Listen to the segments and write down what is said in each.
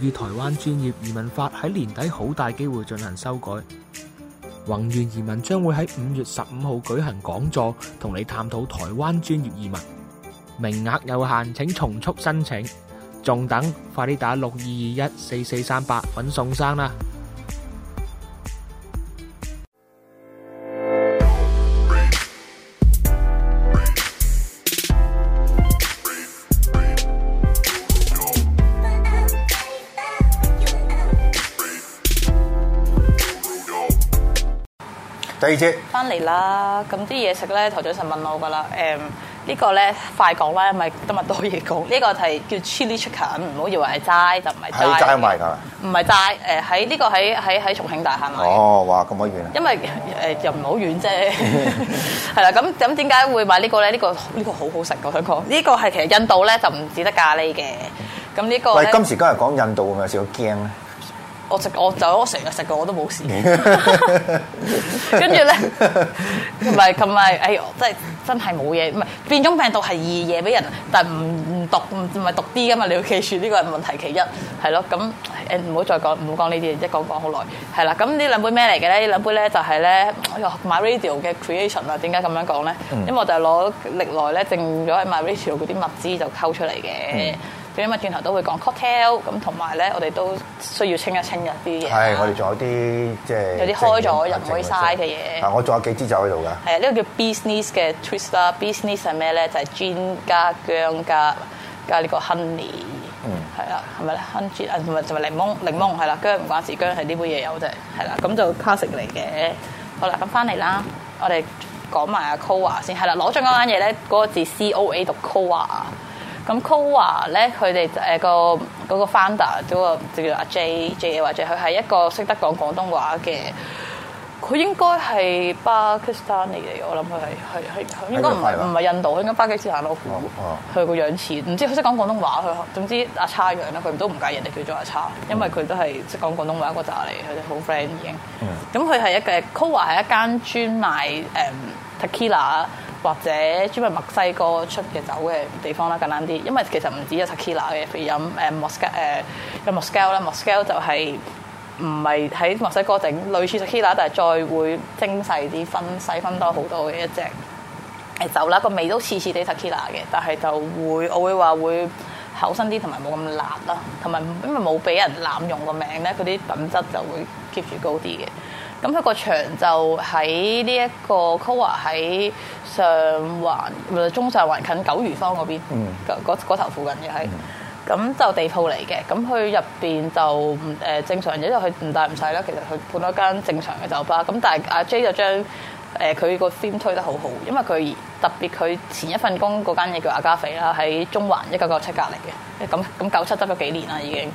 與台灣專業移民法喺年底好大機會進行修改，宏源移民將會喺五月十五號舉行講座，同你探討台灣專業移民，名額有限，請重速申請，仲等，快啲打六二二一四四三八搵宋生啦！翻嚟啦，咁啲嘢食咧，台早成問我噶啦，誒、嗯這個、呢，呢、這個咧快講啦，因為今日多嘢講。呢個係叫 chili chicken，唔好以為係齋就唔係齋。喺街賣㗎，唔係齋誒喺呢個喺喺喺重慶大廈賣。哦，哇，咁可以遠啊！因為誒、呃、又唔係好遠啫，係啦， 咁咁點解會買呢個咧？呢個呢、這個、這個、好好食，我想講。呢、這個係其實印度咧就唔止得咖喱嘅，咁呢個。但今時今日講印度，咪有少少驚咧。我食我就我成日食過我都冇事，跟住咧，同埋同埋，哎呀，真真係冇嘢，唔係變種病毒係易嘢俾人，但係唔唔毒唔唔係毒啲噶嘛，你要記住呢個係問題其一，係咯，咁誒唔好再講唔好講呢啲，嘢、即係，一講講好耐，係啦，咁呢兩杯咩嚟嘅咧？呢兩杯咧就係咧，哎呀 My Radio 嘅 Creation 啊，點解咁樣講咧？因為我就攞歷來咧剩咗喺 My Radio 嗰啲物資就溝出嚟嘅。嗯咁啊，轉頭都會講 cocktail，咁同埋咧，我哋都需要清一清一啲嘢。係，我哋仲有啲即係有啲開咗又唔可以嘥嘅嘢。啊，我仲有幾支酒喺度㗎。係啊，呢個叫 business 嘅 twist 啦，business 係咩咧？就係 gin 加薑加加呢個 honey。嗯。係啊，係咪咧？honey 啊，同埋同埋檸檬檸檬，係啦，薑唔關事，薑係呢杯嘢有啫，係啦。咁就 classic 嚟嘅。好啦，咁翻嚟啦，我哋講埋阿 Coa 先。係啦，攞咗嗰單嘢咧，嗰個字 Coa 讀 Coa。咁 COA 咧，佢哋誒個嗰個 founder 嗰個就叫阿 J J，或者佢係一個識得講廣東話嘅，佢應該係巴基斯坦嚟，我諗佢係係係應該唔係唔係印度，應該巴基斯坦佬佢個、嗯啊、樣似，唔知佢識講廣東話佢，總之阿叉樣啦，佢都唔介意人哋叫做阿叉，因為佢都係識講廣東話嗰扎嚟，佢哋好 friend 已經。咁佢係一嘅 COA 係一間專賣誒。嗯 Tequila 或者專門墨西哥出嘅酒嘅地方啦，簡單啲。因為其實唔止有 Tequila 嘅，譬如飲誒 Mosc，有 Moscow 啦，Moscow 就係唔係喺墨西哥整，類似 Tequila，但係再會精細啲分細分多好多嘅一隻誒酒啦。個味都似似哋 Tequila 嘅，但係就會我會話會厚身啲同埋冇咁辣啦，同埋因為冇俾人濫用個名咧，嗰啲品質就會 keep 住高啲嘅。咁佢個場就喺呢一個 COA 喺上環，唔係中上環，近九如坊嗰邊，嗰、嗯、頭附近嘅、就、喺、是，咁、嗯、就地鋪嚟嘅。咁佢入邊就誒正常嘅，因為佢唔大唔細啦。其實佢判咗間正常嘅酒吧。咁但係阿 J 就將誒佢個 film 推得好好，因為佢特別佢前一份工嗰間嘢叫阿加肥啦，喺中環一九九七隔籬嘅。咁咁九七執咗幾年啦，已經。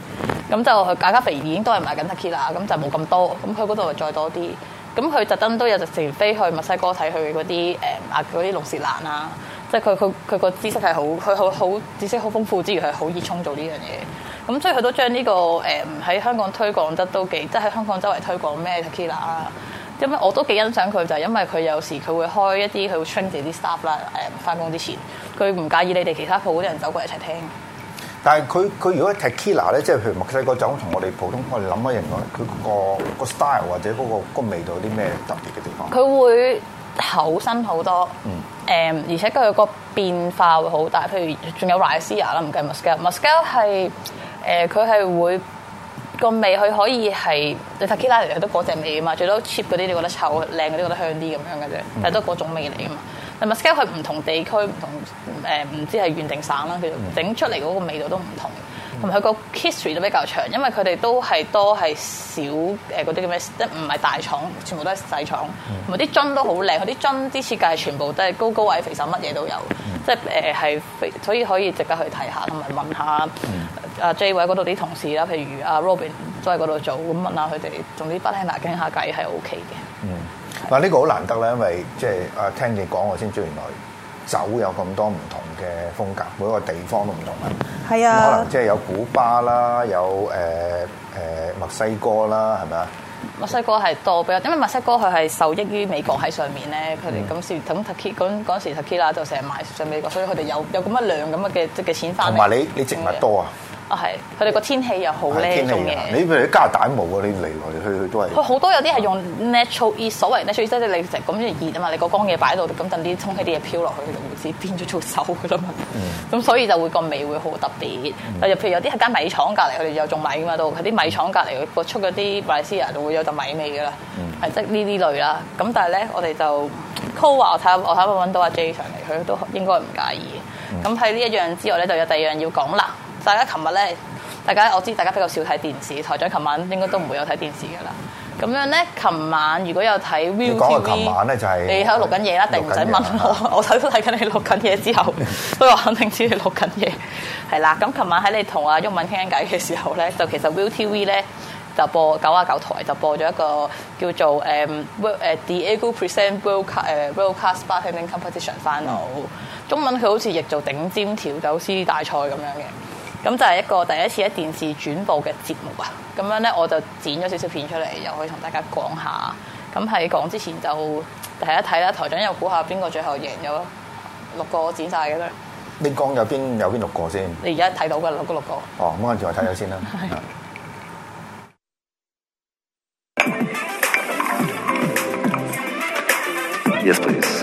咁就價格肥已經都係賣緊 tequila 咁就冇咁多。咁佢嗰度再多啲。咁佢特登都有直程飛去墨西哥睇佢嗰啲誒啊嗰啲龍舌蘭啊。即係佢佢佢個知識係好，佢好好知識好豐富，之餘係好熱衷做呢樣嘢。咁所以佢都將呢、這個誒喺、嗯、香港推廣得都幾，即係喺香港周圍推廣咩 tequila 啦。因為我都幾欣賞佢，就係、是、因為佢有時佢會開一啲佢會 train 啲 staff 啦誒，翻、嗯、工之前，佢唔介意你哋其他鋪啲人走過嚟一齊聽。但係佢佢如果 tequila 咧，即係譬如墨西哥酒同我哋普通我哋諗嘅嘢講，佢嗰、嗰個 style、嗰個、或者嗰、嗰個嗰個味道有啲咩特別嘅地方？佢會厚身好多，誒，嗯、而且佢有個變化會好大。譬如仲有 raicilla 啦、嗯，唔計 mezcal，mezcal 係誒，佢係會個味，佢可以係你 tequila 都嗰隻味啊嘛。最多 cheap 嗰啲你覺得臭，靚嗰啲覺得香啲咁樣嘅啫，但係都嗰種味嚟啊嘛。嗯嗯。同埋 scale 喺唔同地區、唔同誒唔、呃、知係縣定省啦，佢整、嗯、出嚟嗰個味道都唔同，同埋佢個 history 都、嗯、比較長，因為佢哋都係多係小誒嗰啲咁嘅，即唔係大廠，全部都係細廠，同埋啲樽都好靚，佢啲樽啲設計全部都係高高位肥瘦乜嘢都有，嗯、即係誒係，所以可以值得去睇下，同埋問下阿、嗯啊、J 位嗰度啲同事啦，譬如阿、啊、Robin 都喺嗰度做，咁問下佢哋，總之不聽難傾下偈係 OK 嘅。嗱，呢個好難得咧，因為即係啊聽你講我先知原來酒有咁多唔同嘅風格，每個地方都唔同啊。係啊，可能即係有古巴啦，有誒誒墨西哥啦，係咪啊？墨西哥係多啲，因為墨西哥佢係受益於美國喺上面咧，佢哋咁時，咁 Tiki 嗰嗰時 Tiki 啦就成日賣上美國，所以佢哋有有咁啊量咁啊嘅即嘅錢返。同埋你你植物多啊！係，佢哋個天氣又好靚嘅。你譬如加膠蛋冇啊，你嚟嚟去去都係。佢好多有啲係用 natural i、啊、所謂 natural fresh 咁熱啊嘛，你個缸嘢擺到，咁等啲空氣啲嘢飄落去，佢就唔知變咗做手噶啦嘛。咁、嗯、所以就會個味會好特別。譬如有啲係間米廠隔離，佢哋有種米嘛，度，喺啲米廠隔離播出嗰啲百利斯啊，會有陣米味噶啦。係即係呢啲類啦。咁但係咧，我哋就 call 話我睇下，我睇下揾到阿 Jason 上嚟，佢都應該唔介意。咁喺呢一樣之外咧，就有第二樣要講啦。大家琴日咧，大家我知大家比較少睇電視，台長琴晚應該都唔會有睇電視噶啦。咁樣咧，琴晚如果有睇，ViuTV 個琴晚咧就係你喺度錄緊嘢啦，定唔使問我？我睇到睇緊你錄緊嘢之後，不 所以肯定知你錄緊嘢係啦。咁琴晚喺你同阿毓民傾緊偈嘅時候咧，就其實 ViuTV 咧就播九啊九台就播咗一個叫做誒誒 Diageo Present World Class 誒 World Class Bartending Competition 翻嚟，中文佢好似譯做頂尖調酒師大賽咁樣嘅。咁就係一個第一次喺電視轉播嘅節目啊！咁樣咧，我就剪咗少少片出嚟，又可以同大家講下。咁喺講之前就睇一睇啦，台長又估下邊個最後贏有咯。六個剪晒嘅都。你講有邊有邊六個先？你而家睇到嘅六個六個。哦，冇跟住我睇咗先啦。是是 Yes, please.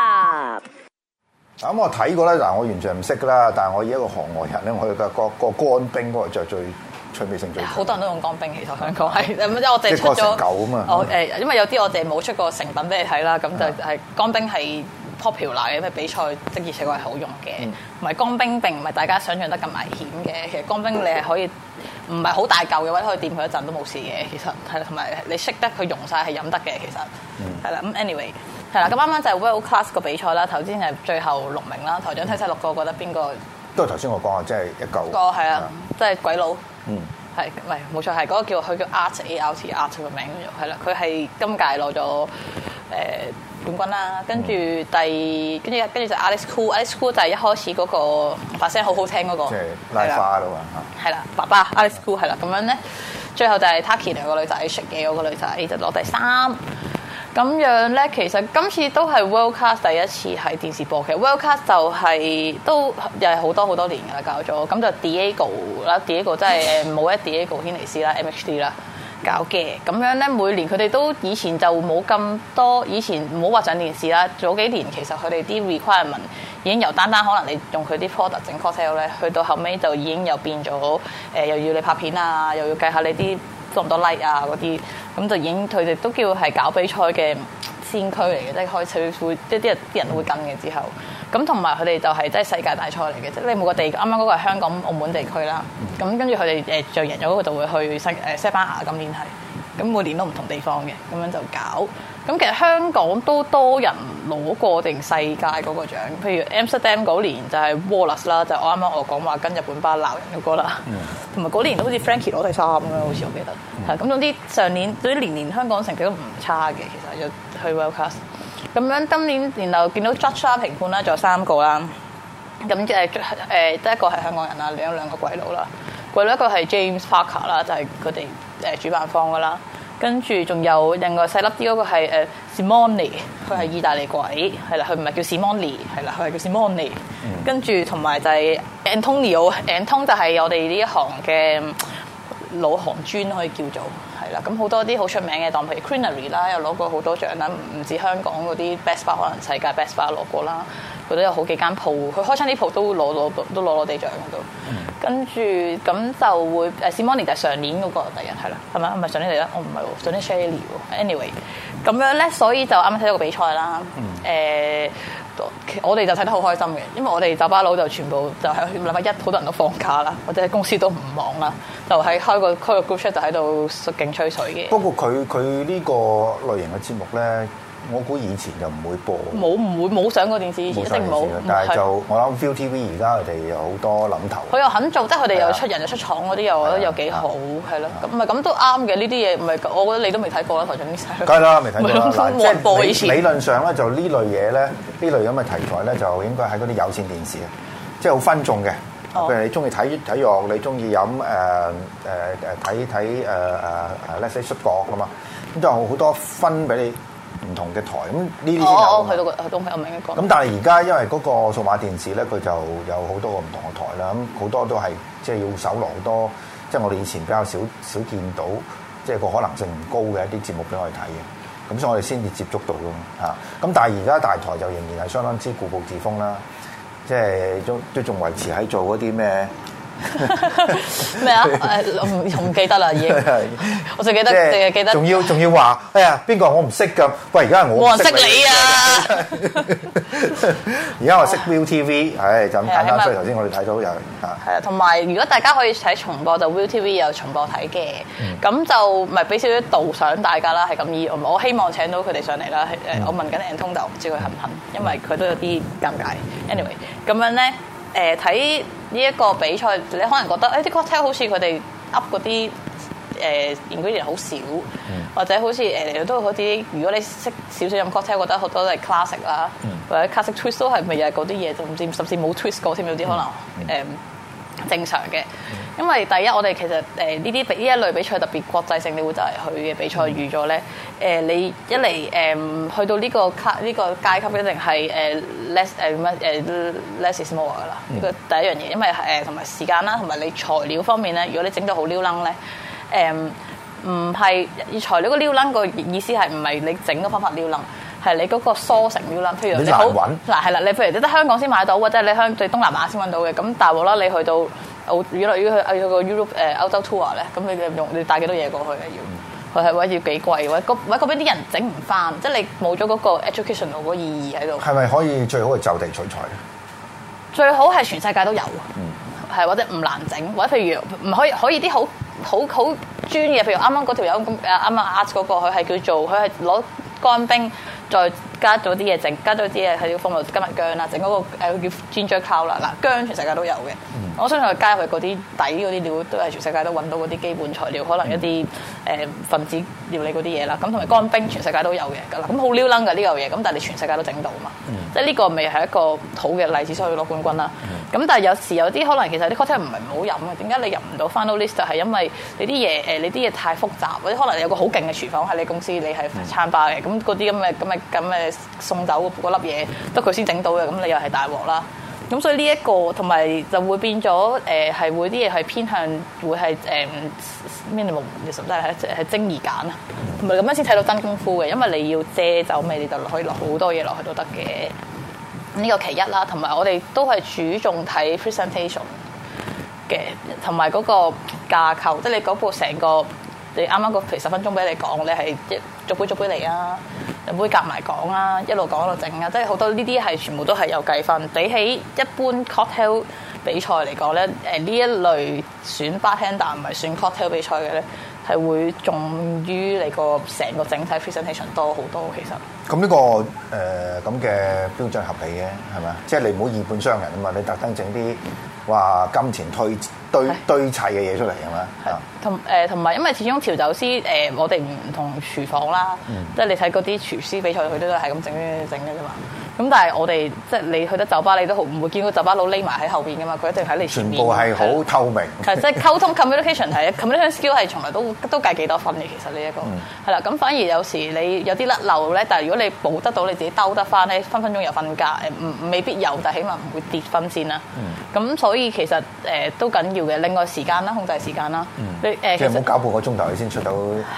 咁、嗯、我睇過啦，嗱我完全唔識㗎啦，但係我以一個行外人咧，我係嘅各個乾冰嗰個就最趣味性最。好多人都用乾冰，其實香港係咁，即我哋出咗。即狗啊嘛！哦因為有啲我哋冇出過個成品俾你睇啦，咁就係乾冰係 popular 嘅因為比賽的熱情係好用嘅，唔係乾冰並唔係大家想像得咁危險嘅。其實乾冰你係可以唔係好大嚿嘅話，可以掂佢一陣都冇事嘅。其實係啦，同埋你識得佢溶晒係飲得嘅，其實係啦。咁、嗯嗯、anyway。係啦，咁啱啱就 World Class 個比賽啦。頭先係最後六名啦。台長睇晒六個，覺得邊個？都係頭先我講啊，即係一九個係啊，即係鬼佬。嗯，係，唔係冇錯係嗰個叫佢叫 Art A L T Art 個名，係啦。佢係今屆攞咗誒冠軍啦。跟住第，跟住跟住就 Art l School Art l School 就係一開始嗰個發聲好好聽嗰個，即係拉花啦嘛係啦，爸爸 Art s c o o l 係啦，咁樣咧，最後就係 Taki 兩個女仔 s h 嘅 r 嗰個女仔就攞第三。咁樣咧，其實今次都係 World Class 第一次喺電視播嘅。World Class 就係、是、都又係好多好多年嘅啦，搞咗咁就 Diageo 啦 Diageo 真係冇一 Diageo 軒尼詩啦，MHD 啦搞嘅。咁樣咧，每年佢哋都以前就冇咁多，以前唔好話上電視啦。早幾年其實佢哋啲 requirement 已經由單單可能你用佢啲 product 整 cocktail 咧，去到後尾就已經又變咗誒、呃，又要你拍片啊，又要計下你啲。多唔多 like 啊，嗰啲，咁就已經佢哋都叫係搞比賽嘅先驅嚟嘅，即係開始會即係啲人啲人都會跟嘅之後，咁同埋佢哋就係、是、即係世界大賽嚟嘅，即係你每個地啱啱嗰個係香港澳門地區啦，咁跟住佢哋誒著贏咗嗰個就會去西誒西班牙今年係。咁每年都唔同地方嘅，咁樣就搞。咁其實香港都多人攞過定世界嗰個獎，譬如 Amsterdam 嗰年就係 Wallace 啦，就是、我啱啱我講話跟日本班鬧人嗰個啦。同埋嗰年都好似 Frankie 攞第三啦，好似我記得。嚇，咁總之上年對年年香港成績都唔差嘅，其實就去 World Class。咁樣今年然後見到 Judge Shaw 評判啦，仲有三個啦。咁誒誒，得一個係香港人啦，有兩個鬼佬啦。鬼佬一個係 James Parker 啦，就係佢哋誒主辦方噶啦。跟住仲有另外細粒啲嗰個係 Simoni，佢係意大利鬼，係啦，佢唔係叫 Simoni，係啦，佢係叫 Simoni、嗯。跟住同埋就係 Antonio Antonio 就係我哋呢一行嘅老行專可以叫做。咁好多啲好出名嘅檔，譬如 Crenary 啦，又攞過好多獎啦，唔止香港嗰啲 Best Bar，可能世界 Best Bar 攞過啦。佢都有好幾間鋪，佢開親啲鋪都攞攞都攞攞地獎嘅。跟住咁就會，誒 Simone 就年、那個、係係上年嗰個第一，係、哦、啦，係咪啊？唔係上年第一，我唔係喎，上年 Charlie 喎。Anyway，咁樣咧，所以就啱啱睇到個比賽啦，誒、嗯呃。我哋就睇得好開心嘅，因為我哋酒吧佬就全部就喺禮拜一好多人都放假啦，或者公司都唔忙啦，就喺開個開個 group chat 就喺度勁吹水嘅。不過佢佢呢個類型嘅節目咧。我估以前就唔會播，冇唔會冇上過電視，一定冇。但係就我諗 ViuTV 而家佢哋有好多諗頭。佢又肯做，即係佢哋又出人又出廠嗰啲，又覺得又幾好，係咯。咁咪咁都啱嘅。呢啲嘢唔係，我覺得你都未睇過啦，頭先，梗係啦，未睇過啦。即係播以前。理論上咧，就呢類嘢咧，呢類咁嘅題材咧，就應該喺嗰啲有線電視啊，即係好分眾嘅。譬如你中意睇體育，你中意飲誒誒誒睇睇誒誒誒 Leslie 出國啊嘛，咁都就好多分俾你。唔同嘅台，咁呢啲有，去到去到我明嘅個。咁但係而家因為嗰個數碼電視咧，佢就有好多個唔同嘅台啦，咁好多都係即係要搜羅好多，即係我哋以前比較少少見到，即係個可能性唔高嘅一啲節目俾我哋睇嘅。咁所以我哋先至接觸到咯嚇。咁但係而家大台就仍然係相當之固步自封啦，即係都都仲維持喺做嗰啲咩？咩啊？唔唔記得啦，已經，我就記得，最記得仲要仲要話哎呀，邊個我唔識㗎？喂，而家係我識你啊！而家我識 View TV，唉，就咁簡單。所以頭先我哋睇到又嚇，係啊。同埋如果大家可以睇重播，就 View TV 有重播睇嘅。咁就唔係俾少少導賞大家啦，係咁意。我我希望請到佢哋上嚟啦。誒，我問緊 Andy 通道，唔知佢肯唔肯？因為佢都有啲尷尬。Anyway，咁樣咧誒睇。呢一個比賽，你可能覺得誒啲 cocktail 好似佢哋噏嗰啲誒 ingredient 好少，嗯、或者好似誒都嗰啲。如果你識少少飲 cocktail，覺得好多都係 classic 啦、嗯，或者 classic twist 都係咪又係嗰啲嘢？仲唔知甚至冇 twist 過添，有啲可能誒。嗯嗯呃正常嘅，因為第一我哋其實誒呢啲比呢一類比賽特別國際性，你會就係佢嘅比賽預咗咧。誒、嗯呃、你一嚟誒、呃、去到呢、這個、這個、階級呢個階級，一定係誒、呃、less 誒乜誒 less is more 噶啦。呢、這個第一樣嘢，因為誒同埋時間啦，同埋你材料方面咧，如果你整到好溜楞咧，誒唔係材料個溜楞個意思係唔係你整個方法溜楞？係你嗰個 sourcing 要諗，譬如你好嗱係啦，你譬如你得香港先買到，或者你響東南亞先揾到嘅咁，大鑊啦你去到歐，如果你去到個 Europe 歐洲 tour 咧，咁你用你帶幾多嘢過去啊？要佢係或者要幾貴，或者或者嗰邊啲人整唔翻，即係你冇咗嗰個 educational 嗰個意義喺度。係咪可以最好係就地取材？最好係全世界都有，係、嗯、或者唔難整，或者譬如唔可以可以啲好好好專業，譬如啱啱嗰條友咁誒，啱啱 ask 嗰個佢係叫做佢係攞乾冰。再加咗啲嘢整，加咗啲嘢喺度放落今日薑、那個、啦，整嗰個誒叫煎章烤啦。嗱，薑全世界都有嘅。嗯我相信加入去嗰啲底嗰啲料都係全世界都揾到嗰啲基本材料，可能一啲誒、呃、分子料理嗰啲嘢啦。咁同埋乾冰，全世界都有嘅，咁啦，咁好撩楞㗎呢嚿嘢。咁但係你全世界都整到嘛？嗯、即係呢個咪係一個好嘅例子，所以攞冠軍啦。咁、嗯、但係有時有啲可能其實啲 c o 唔係唔好飲嘅，點解你入唔到 final list 就係、是、因為你啲嘢誒你啲嘢太複雜？或者可能你有個好勁嘅廚房喺你公司，你係餐包嘅，咁嗰啲咁嘅咁嘅咁嘅送走嗰粒嘢，得佢先整到嘅，咁你又係大鑊啦。咁所以呢一個同埋就會變咗，誒係會啲嘢係偏向，會係誒 minimal，其實都係係精而簡啊，同埋咁樣先睇到真功夫嘅，因為你要借酒味，你就可以落好多嘢落去都得嘅。呢個其一啦，同埋我哋都係主重睇 presentation 嘅，同埋嗰個架構，即係你嗰部成個，你啱啱個譬如十分鐘俾你講，你係一逐杯逐杯嚟啊。會夾埋講啦，一路講一路整啊，即係好多呢啲係全部都係有計分。比起一般 cocktail 比賽嚟講咧，誒呢一類選 bartender 唔係選 cocktail 比賽嘅咧。係會重於你個成個整體 presentation 多好多，其實。咁呢、這個誒咁嘅標準合理嘅係咪？即係、就是、你唔好以本傷人啊嘛！你特登整啲話金錢堆堆堆是堆砌嘅嘢出嚟係嘛？係啊。同誒同埋，因為始終調酒師誒、呃，我哋唔同廚房啦，即係、嗯、你睇嗰啲廚師比賽，佢都都係咁整整嘅啫嘛。咁但係我哋即係你去得酒吧，你都好唔會見到酒吧佬匿埋喺後邊噶嘛，佢一定喺你前面。全部係好透明的。係，即係溝通 communication, communication 係，communication skill 係從來都都計幾多分嘅，其實呢一個係啦。咁、嗯、反而有時你有啲甩漏咧，但係如果你補得到，你自己兜得翻咧，分分鐘又瞓覺。誒未必有，但起碼唔會跌分先啦。咁、嗯、所以其實誒都緊要嘅，另外時間啦，控制時間啦。嗯、你誒其實冇搞半個鐘頭，你先出到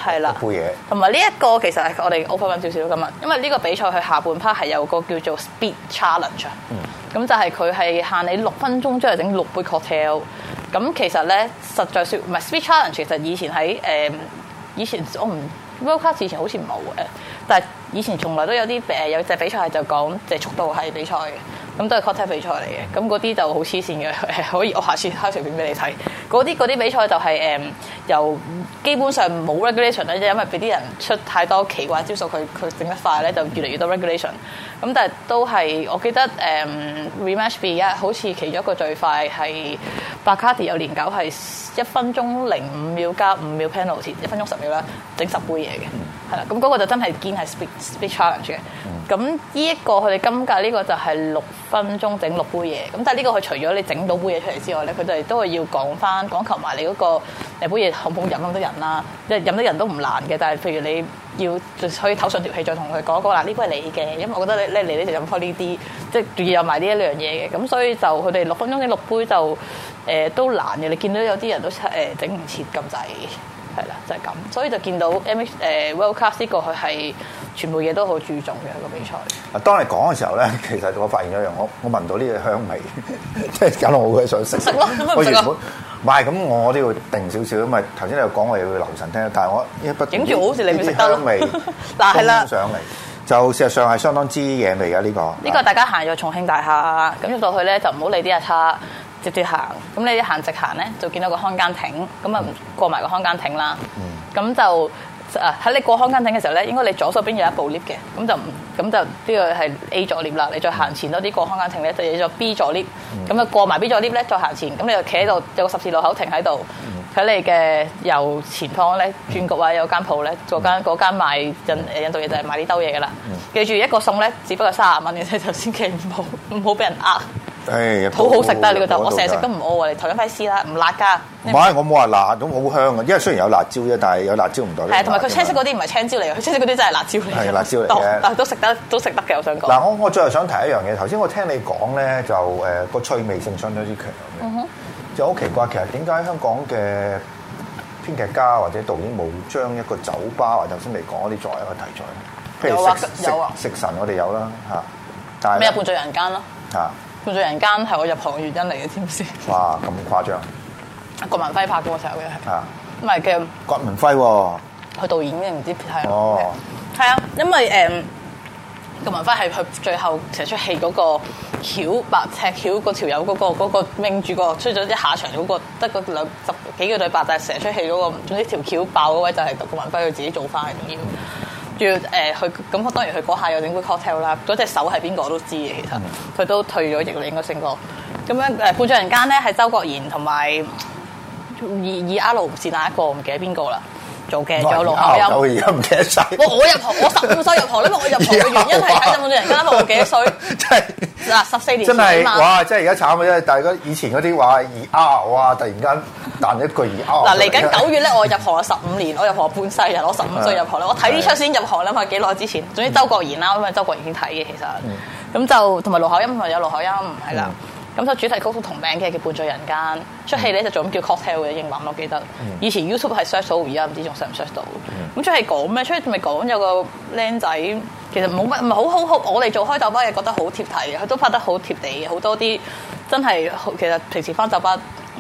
杯嘢。同埋呢一個其實係我哋 open 揾少少咁嘛，因為呢個比賽佢下半 part 係有個叫。做 speed challenge，咁、嗯、就係佢係限你六分鐘，即係整六杯 cocktail。咁其實咧，實在説唔係 speed challenge，其實以前喺誒、呃、以前我唔 World Class 之前好似唔冇嘅，但係以前從來都有啲誒有隻比賽就講即速度係比賽嘅，咁都係 cocktail 比賽嚟嘅。咁嗰啲就好黐線嘅，可 以我下次開隨便俾你睇。嗰啲嗰啲比賽就係、是、誒、嗯、由基本上冇 regulation 咧，因為俾啲人出太多奇怪招數，佢佢整得快咧，就越嚟越多 regulation。咁、嗯、但係都係我記得誒、嗯、rematch B 一好似其中一個最快係巴卡迪有連九係一分鐘零五秒加五秒 penalty，一分鐘十秒啦，整十杯嘢嘅。嗯係啦，咁嗰個就真係堅係 speech challenge 嘅。咁呢一個佢哋今屆呢個就係六分鐘整六杯嘢。咁但係呢、呢個佢除咗你整到杯嘢出嚟之外咧，佢哋都係要講翻講求埋你嗰、嗰個你杯嘢可唔可以飲咁多人啦。即係飲得人都唔難嘅，但係譬如你要再可以唞上條氣，再同佢講一講啦。呢個係你嘅，因為我覺得你咧你咧就飲翻呢啲，即係仲要有埋呢一樣嘢嘅。咁所以就佢哋六分鐘嘅六杯就誒、呃、都難嘅。你見到有啲人都誒整唔切咁滯。呃係啦，就係咁，所以就見到 M X World Cup 呢個佢係全部嘢都好注重嘅一個比賽。啊，當你講嘅時候咧，其實我發現咗一樣，我我聞到呢個香味，即 係搞到我嘅想食食咯。唔係咁，我都要定少少咁啊。頭先你講我又要留神聽，但係我一筆。影住好似你未食得味。嗱係啦，上 了就事實上係相當之惹味嘅呢個。呢個大家行咗重慶大廈咁入到去咧，就唔好理啲人啦。直接行，咁你一行直行咧，就見到個看更亭，咁啊過埋個看更亭啦。咁、嗯、就啊喺你過看更亭嘅時候咧，應該你左手邊有一部 lift 嘅，咁就唔咁就呢、呢個係 A 座 lift 啦。你再行前多啲過看更亭咧，就係咗 B 座 lift。咁啊、嗯、過埋 B 座 lift 咧，再行前，咁你就企喺度有個十字路口停喺度，喺、嗯、你嘅右前方咧轉角位有間鋪咧，做間嗰間賣印印度嘢就係賣啲兜嘢噶啦。嗯、記住一個餸咧，只不過卅蚊嘅啫，千祈唔好唔好俾人呃。係好好食得你個豆，我成日食都唔屙，啊！你頭先批試啦，唔辣噶。唔係，我冇話辣，咁好香啊！因為雖然有辣椒啫，但係有辣椒唔代表。同埋佢青色嗰啲唔係青椒嚟，佢青色嗰啲真係辣椒嚟。係辣椒嚟嘅。都食得，都食得嘅，我想講。嗱，我我最後想提一樣嘢。頭先我聽你講咧，就誒個趣味性相當之強。嗯哼。就好奇怪，其實點解香港嘅編劇家或者導演冇將一個酒吧，或頭先你講嗰啲作為一個題材咧？譬如有啊，有啊，食神我哋有啦嚇。但係咩？有半醉人間咯嚇。活在人間係我入行嘅原因嚟嘅，知唔知？哇！咁誇張。郭文輝拍過嘅時候嘅，唔係嘅郭文輝喎，佢導演嘅唔知係。哦，係啊，因為誒，郭文輝係佢最後成出戲嗰個橋白尺橋嗰條友嗰個嗰個命住個出咗啲下場嗰個，得個十幾個對白，但係成出戲嗰個總之條橋爆位就係郭文輝佢自己做翻嘅，重點、嗯。仲要誒佢咁，我當然佢嗰下有飲杯 cocktail 啦。嗰隻手係邊個我都知嘅，其實佢都退咗役啦，應該升哥。咁樣誒歡聚人間咧係周國賢同埋以 E E L 是哪一個？唔記得邊個啦。做嘅仲哇有羅口音，我而家唔記得晒。我我入行我十五歲入行， 因為我入行嘅原因係睇《金粉世家》，因為我幾多歲？真係嗱十四年啦。真係哇！真係而家慘嘅啫，但係嗰以前嗰啲話二 R，哇！突然間彈一句二 R。嗱，嚟緊九月咧，我入行十五年，我入行半世啊，我十五歲入行啦。 我睇呢出先入行啦嘛，幾耐之前？總之周國賢啦，因為周國賢先睇嘅其實，咁、嗯、就同埋羅口音同有羅口音係啦。咁就主題曲同名嘅叫《半醉人間》，出戲咧就做咁叫 cocktail 嘅英文，我記得。以前 YouTube 係 search 到，而家唔知仲 search 唔 search 到。咁出戲講咩？出去咪講有個僆仔，其實冇乜，唔係好好好。我哋做開酒吧嘅覺得好貼題，佢都拍得好貼地，好多啲真係其實平時翻酒吧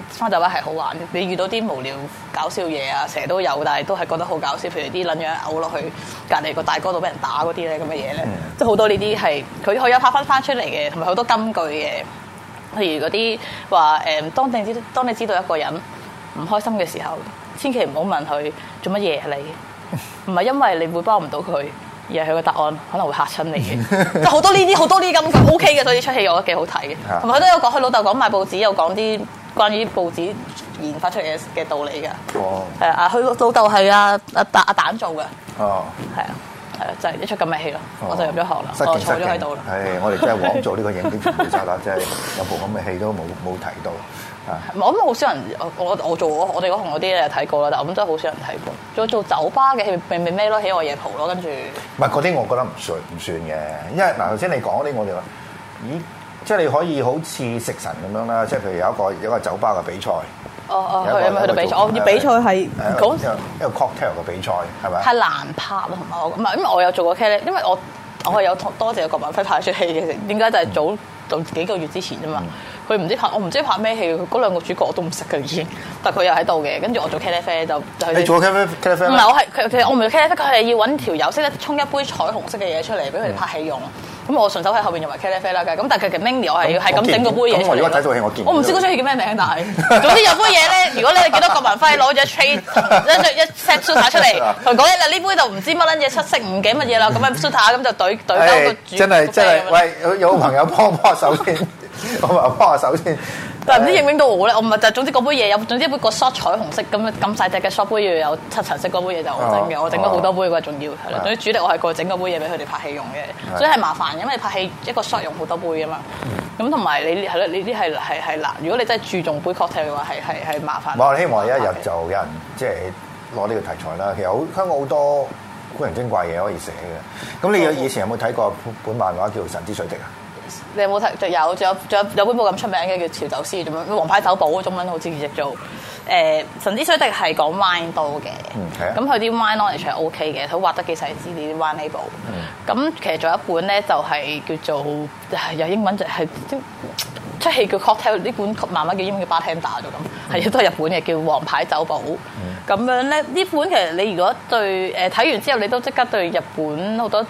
翻酒吧係好玩。你遇到啲無聊搞笑嘢啊，成日都有，但係都係覺得好搞笑。譬如啲撚樣嘔落去隔離個大哥度俾人打嗰啲咧，咁嘅嘢咧，即係好多呢啲係佢佢有拍翻翻出嚟嘅，同埋好多金句嘅。譬如嗰啲話誒，當你知當你知道一個人唔開心嘅時候，千祈唔好問佢做乜嘢、啊、你唔係因為你會幫唔到佢，而係佢個答案可能會嚇親你嘅。好 多呢啲好多呢啲咁嘅 O K 嘅，所以出戲我覺得幾好睇嘅。同埋佢都有講佢老豆講賣報紙，有講啲關於報紙研發出嚟嘅道理嘅。哦，係啊，佢老豆係阿阿蛋做嘅。哦，係啊。係啦，就係一出咁嘅戲咯，我就入咗行啦，我坐咗喺度啦。係，我哋真係枉做呢個影業嘅負責啦，即係有部咁嘅戲都冇冇提到啊！我都好少人，我我做我哋嗰行嗰啲又睇過啦，但我諗真係好少人睇過。做做酒吧嘅戲，咪咪咩咯，喜愛夜蒲咯，跟住唔係嗰啲，我覺得唔算唔算嘅，因為嗱頭先你講嗰啲，我哋話咦，即係你可以好似食神咁樣啦，即係譬如有一個有一個酒吧嘅比賽。哦哦，去咪去到比賽，我要比賽係講一個 cocktail 嘅比賽，係咪啊？太難拍咯，同埋唔係，因為我有做過 c a 因為我我係有同多謝郭文輝拍出戲嘅，點解就係早到幾個月之前啫嘛。佢唔知拍我唔知拍咩戲，嗰兩個主角我都唔識佢已經，但佢又喺度嘅，跟住我做 c a n 就你做 c a n d 唔係我係其實我唔做 c a n 佢係要揾條友識得沖一杯彩虹色嘅嘢出嚟俾佢哋拍戲用。咁我順手喺後邊用埋 k t l 啡啦嘅，咁但係其實 mini 我係係咁整個杯嘢。我而家睇到嘢我見。我唔知嗰張戲叫咩名，但係。總之有杯嘢咧，如果你見到郭文輝攞咗 trade 一隻一 set shooter 出嚟，嗱嗰日啦，呢杯就唔知乜撚嘢七色唔記乜嘢啦，咁啊 shooter 咁就隊隊咗個主。真係真係，喂有朋友幫我幫我手先， 我話幫下手先。但唔知影唔影到我咧，我唔係就總之嗰杯嘢有，總之杯個 shot 彩虹色咁咁細隻嘅 shot 杯要有七層色，嗰杯嘢就我整嘅，哦、我整咗好多杯嘅，仲、哦、要係啦。的總之主力我係過去整嗰杯嘢俾佢哋拍戲用嘅，的所以係麻煩，因為拍戲一個 shot 用好多杯啊嘛。咁同埋你係咯，你啲係係係難。如果你真係注重杯確嘅話，係係係麻煩。我希望係一日就有人即係攞呢個題材啦。嗯、其實好香港好多古人精怪嘢可以寫嘅。咁你以前有冇睇過本漫畫叫《神之水滴》啊？嗯嗯你有冇睇？就有，仲有，仲有有本冇咁出名嘅叫潮《潮酒師》咁樣，《王牌酒保》中文好似叫做誒《神之水滴》係講 wine 多嘅，咁佢啲 wine knowledge 係 OK 嘅，佢畫得幾細緻啲 wine label 咁其實仲有一本咧，就係、是、叫做係、呃、有英文就係、是呃、出戲叫 cocktail，呢本漫畫叫英文叫 bartender 就咁，係都係日本嘅叫《王牌酒保》嗯。嗯咁樣咧，呢本其實你如果對誒睇、呃、完之後，你都即刻對日本好多誒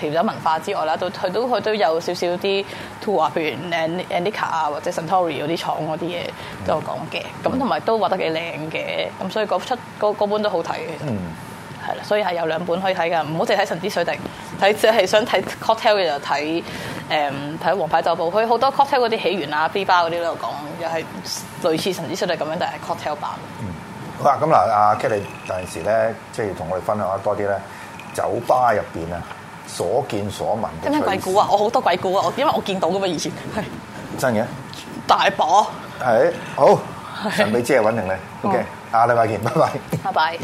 除咗文化之外啦，都佢都佢都有少少啲 t o i l e 譬如 Nikka 啊，或者 Suntory 嗰、啊、啲廠嗰啲嘢都有講嘅。咁同埋都畫得幾靚嘅。咁所以嗰出本都好睇嘅。嗯，係啦，所以係有兩本可以睇嘅。唔好淨睇神之水滴，睇即係想睇 cocktail 嘅就睇誒睇王牌酒保。佢好多 cocktail 嗰啲起源啊，b 包嗰啲都有講，又係類似神之水滴咁樣，但係 cocktail 版。嗯哇！咁嗱、啊，阿 Kelly 第陣時咧，即係同我哋分享下多啲咧，酒吧入邊啊，所見所聞。咁啲鬼故啊，我好多鬼故啊，我因為我見到噶嘛，以前係真嘅。大把，係好，準備即係穩定你。OK，嗯、下禮拜見，拜拜。拜拜。